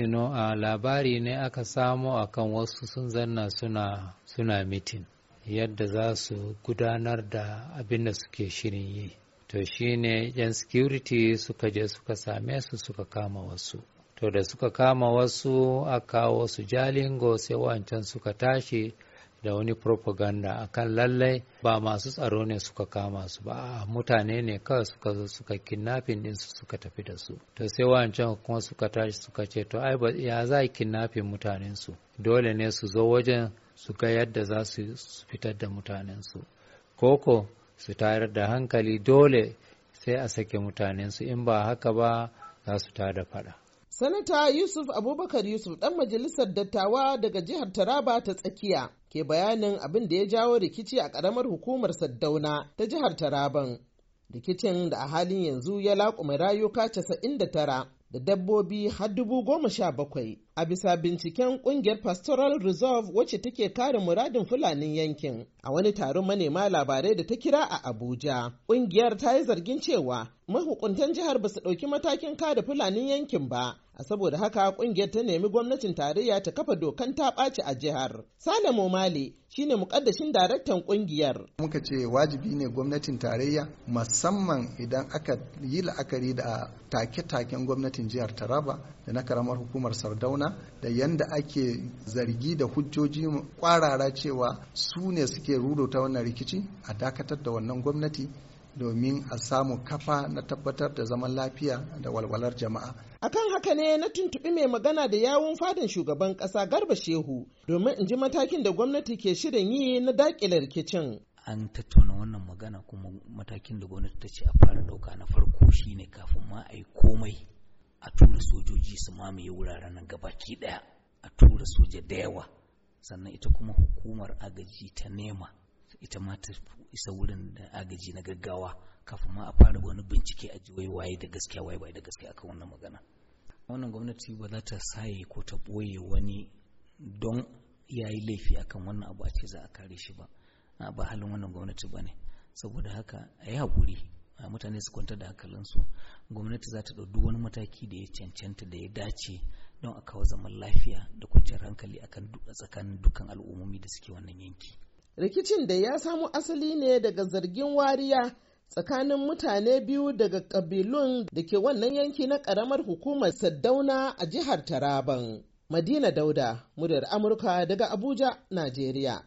you know, a labari ne aka samo akan wasu sun zanna suna suna mitin yadda za su gudanar da abin da suke shirin yi to shine yan security suka je suka same su suka kama wasu to da suka kama wasu aka kawo su jalingo sai wancan suka tashi da wani propaganda akan lallai ba masu tsaro ne suka kama su ba mutane ne kawai suka zo suka kidnapping din su suka tafi da su to sai wancan kuma suka tashi suka ce to ai ya za kidnapping mutanen su dole ne su zo wajen su ga yadda za su fitar da mutanen su koko su tayar da hankali dole sai a sake mutanen su in ba haka ba za su tada fada Sanata Yusuf Abubakar Yusuf ɗan majalisar dattawa daga jihar Taraba ta tsakiya ke bayanin abin da ya jawo rikici a ƙaramar hukumar Saddauna ta jihar Taraban. Rikicin da a halin yanzu ya laƙume rayuka 99 da dabbobi har dubu goma sha bakwai. a bisa binciken kungiyar pastoral reserve wacce take kare muradin fulanin yankin a wani taron manema labarai da ta kira a abuja kungiyar ta yi zargin cewa mahukuntan jihar ba su ɗauki matakin kare fulanin yankin ba a saboda haka kungiyar ta nemi gwamnatin tarayya ta kafa dokan ta ɓaci a jihar salamu mali shine mukaddashin daraktan kungiyar muka ce wajibi ne gwamnatin tarayya musamman idan aka yi la'akari da take-taken gwamnatin jihar taraba da na karamar hukumar sardauna sunna da yanda ake zargi da hujjoji kwarara cewa su ne suke ta wannan rikici a dakatar da wannan gwamnati domin a samu kafa na tabbatar da zaman lafiya da walwalar jama'a. Akan haka ne na tuntuɓi mai magana da yawun fadin shugaban ƙasa Garba Shehu domin in ji matakin da gwamnati ke shirin yi na daƙile rikicin. An tattauna wannan magana kuma matakin da gwamnati ta ce a fara ɗauka na farko shine kafin ma a yi komai a tura sojoji su mamaye wuraren nan gabaki daya a tura soja da yawa sannan ita kuma hukumar agaji ta nema ita ma ta isa wurin agaji na gaggawa kafin ma a fara wani bincike a jiwai waye da gaskiya waye bai da gaskiya akan wannan magana wannan gwamnati ba za ta saye ko ta ɓoye wani don ya yi laifi akan wannan abu a ce za a kare shi ba ba halin wannan gwamnati ba ne saboda haka a yi haƙuri a mutane su kwantar da hankalinsu gwamnati za ta ɗau wani mataki da ya cancanta da ya dace don a kawo zaman lafiya da kwanciyar hankali a tsakanin dukkan al'ummomi da suke wannan yanki rikicin da ya samo asali ne daga zargin wariya tsakanin mutane biyu daga kabilun da ke wannan yanki na ƙaramar hukumar saddauna a jihar taraban madina dauda muryar amurka daga abuja najeriya